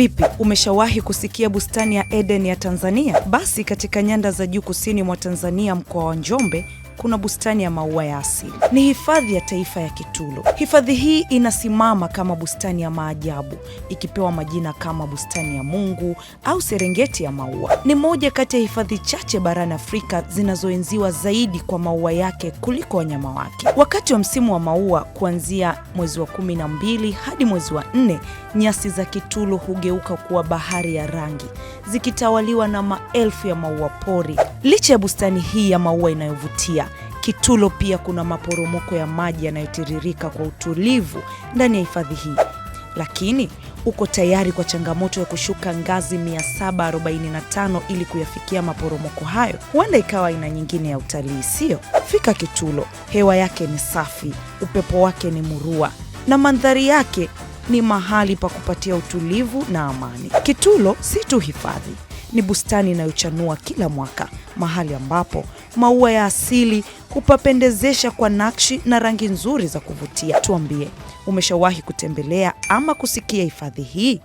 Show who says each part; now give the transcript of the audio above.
Speaker 1: Vipi, umeshawahi kusikia bustani ya Eden ya Tanzania? Basi katika nyanda za juu kusini mwa Tanzania, mkoa wa Njombe, kuna bustani ya maua ya asili. Ni hifadhi ya taifa ya Kitulo. Hifadhi hii inasimama kama bustani ya maajabu, ikipewa majina kama bustani ya Mungu au Serengeti ya maua. Ni moja kati ya hifadhi chache barani Afrika zinazoenziwa zaidi kwa maua yake kuliko wanyama wake. Wakati wa msimu wa maua kuanzia mwezi wa kumi na mbili hadi mwezi wa nne, nyasi za Kitulo hugeuka kuwa bahari ya rangi zikitawaliwa na maelfu ya maua pori. Licha ya bustani hii ya maua inayovutia, Kitulo pia kuna maporomoko ya maji yanayotiririka kwa utulivu ndani ya hifadhi hii. Lakini uko tayari kwa changamoto ya kushuka ngazi 745 ili kuyafikia maporomoko hayo? Huenda ikawa aina nyingine ya utalii, sio? Fika Kitulo, hewa yake ni safi, upepo wake ni murua na mandhari yake ni mahali pa kupatia utulivu na amani. Kitulo si tu hifadhi, ni bustani inayochanua kila mwaka, mahali ambapo maua ya asili hupapendezesha kwa nakshi na rangi nzuri za kuvutia. Tuambie, umeshawahi kutembelea ama kusikia hifadhi hii?